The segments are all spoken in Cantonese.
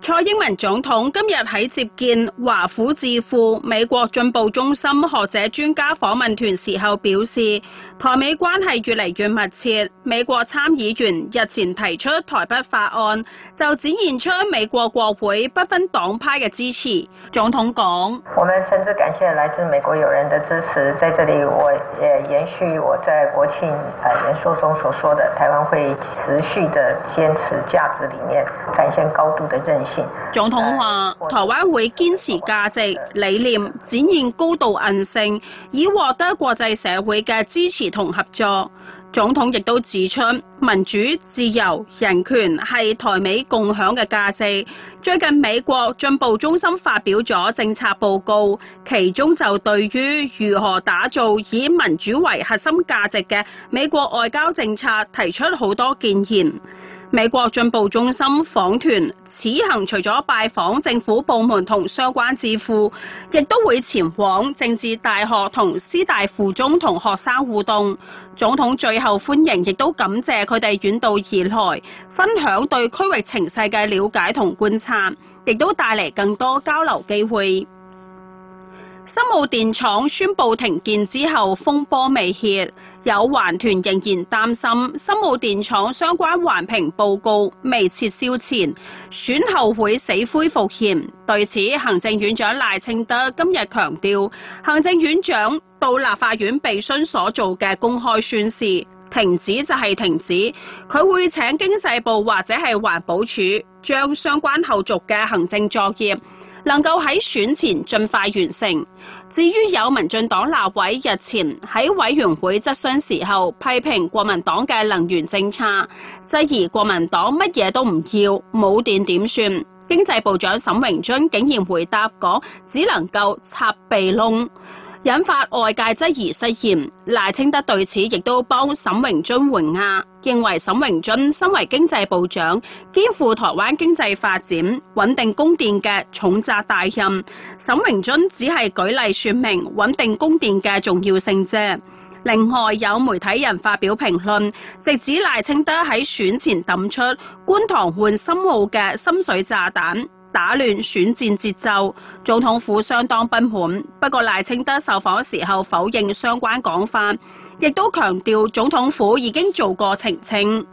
蔡英文總統今日喺接見華府智庫美國進步中心學者專家訪問團時候表示，台美關係越嚟越密切。美國參議員日前提出台北法案，就展現出美國國會不分黨派嘅支持。總統講：我們誠摯感謝來自美國友人的支持，在這裡我也延續我在國慶誒演說中所說的，台灣會持續的堅持價值理念，展現高度的韌性。總統話：台灣會堅持價值理念，展現高度韌性，以獲得國際社會嘅支持同合作。總統亦都指出，民主、自由、人權係台美共享嘅價值。最近美國進步中心發表咗政策報告，其中就對於如何打造以民主為核心價值嘅美國外交政策提出好多建言。美國進步中心訪團此行除咗拜訪政府部門同相關智庫，亦都會前往政治大學同師大附中同學生互動。總統最後歡迎，亦都感謝佢哋遠道而來，分享對區域情勢嘅了解同觀察，亦都帶嚟更多交流機會。深澳電廠宣布停建之後，風波未歇，有環團仍然擔心深澳電廠相關環評報告未撤銷前，選後會死灰復燃。對此，行政院長賴清德今日強調，行政院長到立法院備詢所做嘅公開宣示，停止就係停止，佢會請經濟部或者係環保署將相關後續嘅行政作業能夠喺選前盡快完成。至於有民進黨立委日前喺委員會質詢時候，批評國民黨嘅能源政策，質疑國民黨乜嘢都唔要，冇電點，點算？經濟部長沈榮津竟然回答講，只能夠插鼻窿。引發外界質疑、失言，賴清德對此亦都幫沈榮津緩頰，認為沈榮津身為經濟部長，肩負台灣經濟發展、穩定供電嘅重責大任。沈榮津只係舉例說明穩定供電嘅重要性啫。另外有媒體人發表評論，直指賴清德喺選前抌出觀塘換深澳嘅深水炸彈。打亂選戰節奏，總統府相當不滿。不過賴清德受訪嘅時候否認相關講法，亦都強調總統府已經做過澄清。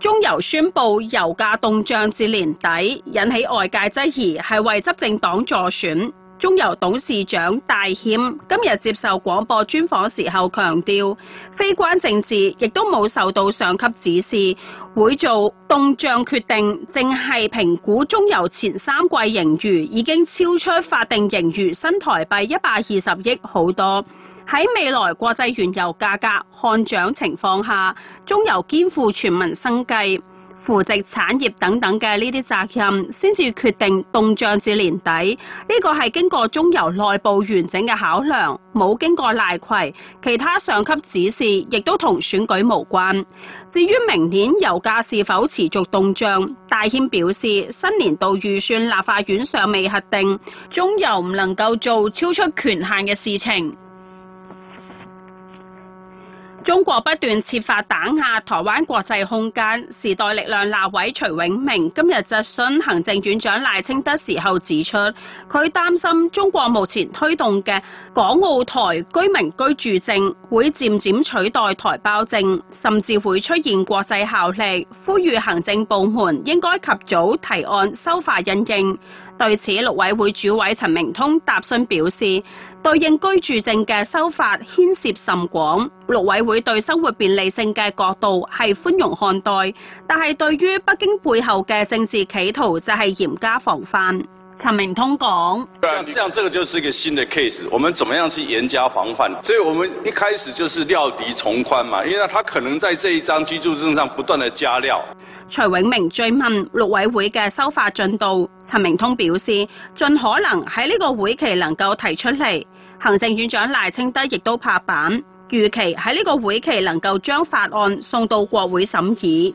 中油宣布油價凍漲至年底，引起外界質疑係為執政黨助選。中油董事長戴謙今日接受廣播專訪時候強調，非關政治，亦都冇受到上級指示會做凍漲決定，淨係評估中油前三季盈餘已經超出法定盈餘新台幣一百二十億好多。喺未來國際原油價格看漲情況下，中油肩負全民生計。扶植產業等等嘅呢啲責任，先至決定凍漲至年底。呢個係經過中油內部完整嘅考量，冇經過賴揆。其他上級指示亦都同選舉無關。至於明年油價是否持續凍漲，戴謙表示，新年度預算立法院尚未核定，中油唔能夠做超出權限嘅事情。中國不斷設法打壓台灣國際空間。時代力量立委徐永明今日質詢行政院長賴清德時候指出，佢擔心中國目前推動嘅港澳台居民居住證會漸漸取代台胞證，甚至會出現國際效力，呼籲行政部門應該及早提案修法因應。對此，陸委會主委陳明通答詢表示，對應居住證嘅修法牽涉甚廣，陸委會對生活便利性嘅角度係寬容看待，但係對於北京背後嘅政治企圖就係嚴加防範。陳明通講：像這樣，這個就是一個新的 case，我們怎麼樣去嚴加防範？所以我們一開始就是料敵從寬嘛，因為他可能在這一張居住證上不斷地加料。徐永明追問陸委會嘅修法進度，陳明通表示盡可能喺呢個會期能夠提出嚟。行政院長賴清德亦都拍板，預期喺呢個會期能夠將法案送到國會審議。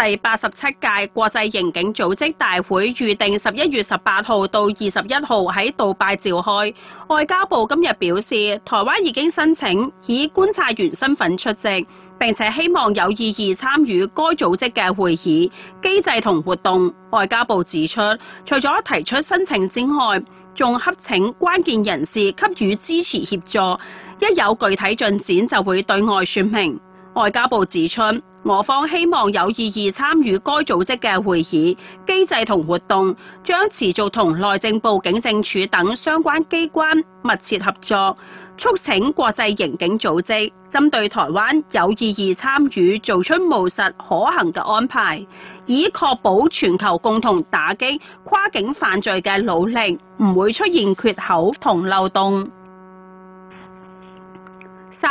第八十七屆國際刑警組織大會預定十一月十八號到二十一號喺杜拜召開。外交部今日表示，台灣已經申請以觀察員身份出席，並且希望有意義參與該組織嘅會議、機制同活動。外交部指出，除咗提出申請之外，仲洽請關鍵人士給予支持協助。一有具體進展就會對外說明。外交部指出。我方希望有意義參與該組織嘅會議機制同活動，將持續同內政部警政署等相關機關密切合作，促請國際刑警組織針對台灣有意義參與做出務實可行嘅安排，以確保全球共同打擊跨境犯罪嘅努力唔會出現缺口同漏洞。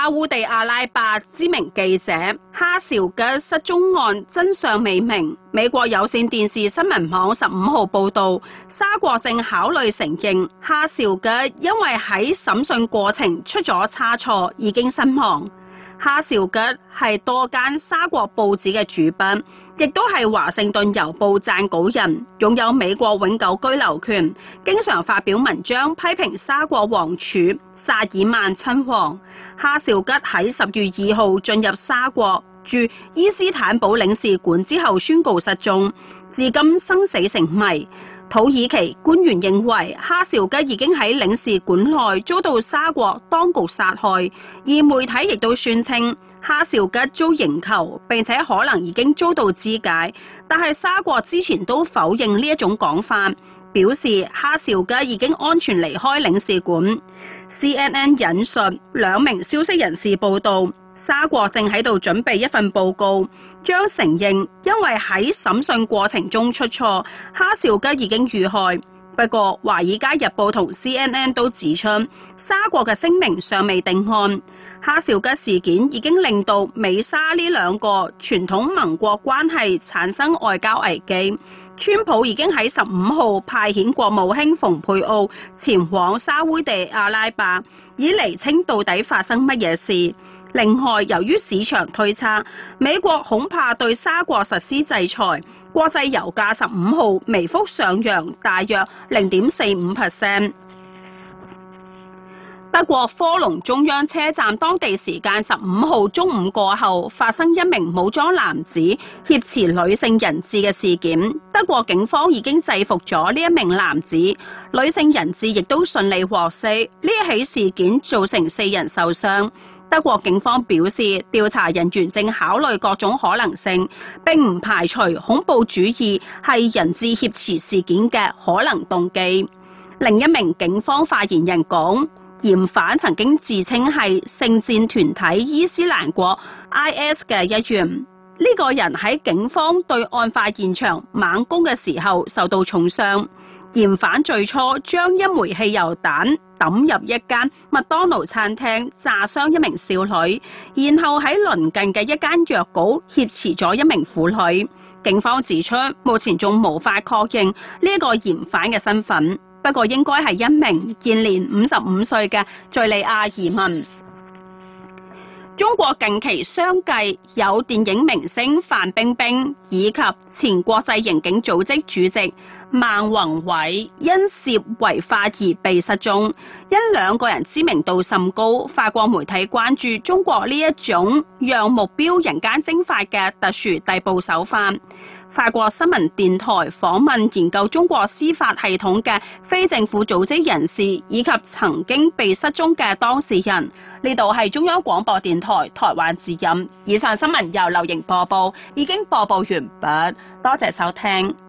沙烏地阿拉伯知名記者哈紹吉失蹤案真相未明。美國有線電視新聞網十五號報道，沙國正考慮承認哈紹吉因為喺審訊過程出咗差錯已經身亡。哈紹吉係多間沙國報紙嘅主筆，亦都係華盛頓郵報撰稿人，擁有美國永久居留權，經常發表文章批評沙國王儲薩爾曼親王。哈紹吉喺十月二號進入沙國駐伊斯坦堡領事館之後，宣告失蹤，至今生死成謎。土耳其官員認為哈紹吉已經喺領事館內遭到沙國當局殺害，而媒體亦都宣稱哈紹吉遭刑求並且可能已經遭到肢解，但係沙國之前都否認呢一種講法，表示哈紹吉已經安全離開領事館。CNN 引述兩名消息人士報道，沙國正喺度準備一份報告，將承認因為喺審訊過程中出錯，哈紹吉已經遇害。不過，華爾街日報同 CNN 都指出，沙國嘅聲明尚未定案。哈紹吉事件已經令到美沙呢兩個傳統盟國關係產生外交危機。川普已經喺十五號派遣國務卿蓬佩奧前往沙烏地阿拉伯，以釐清到底發生乜嘢事。另外，由於市場推測美國恐怕對沙國實施制裁，國際油價十五號微幅上揚，大約零點四五 percent。德國科隆中央車站當地時間十五號中午過後，發生一名武裝男子挾持女性人質嘅事件。德國警方已經制服咗呢一名男子，女性人質亦都順利獲釋。呢一起事件造成四人受傷。德國警方表示，調查人員正考慮各種可能性，並唔排除恐怖主義係人質挾持事件嘅可能動機。另一名警方發言人講。嫌犯曾經自稱係聖戰團體伊斯蘭國 （IS） 嘅一員。呢個人喺警方對案發現場猛攻嘅時候受到重傷。嫌犯最初將一枚汽油彈抌入一間麥當勞餐廳，炸傷一名少女，然後喺鄰近嘅一間藥局挾持咗一名婦女。警方指出，目前仲無法確認呢個嫌犯嘅身份。不過應該係一名現年五十五歲嘅敘利亞移民。中國近期相繼有電影明星范冰冰以及前國際刑警組織主席孟宏偉因涉違法而被失蹤，因兩個人知名度甚高，法國媒體關注中國呢一種讓目標人間蒸發嘅特殊逮捕手法。法國新聞電台訪問研究中國司法系統嘅非政府組織人士，以及曾經被失蹤嘅當事人。呢度係中央廣播電台台灣之音。以上新聞由流行播報，已經播報完畢，多謝收聽。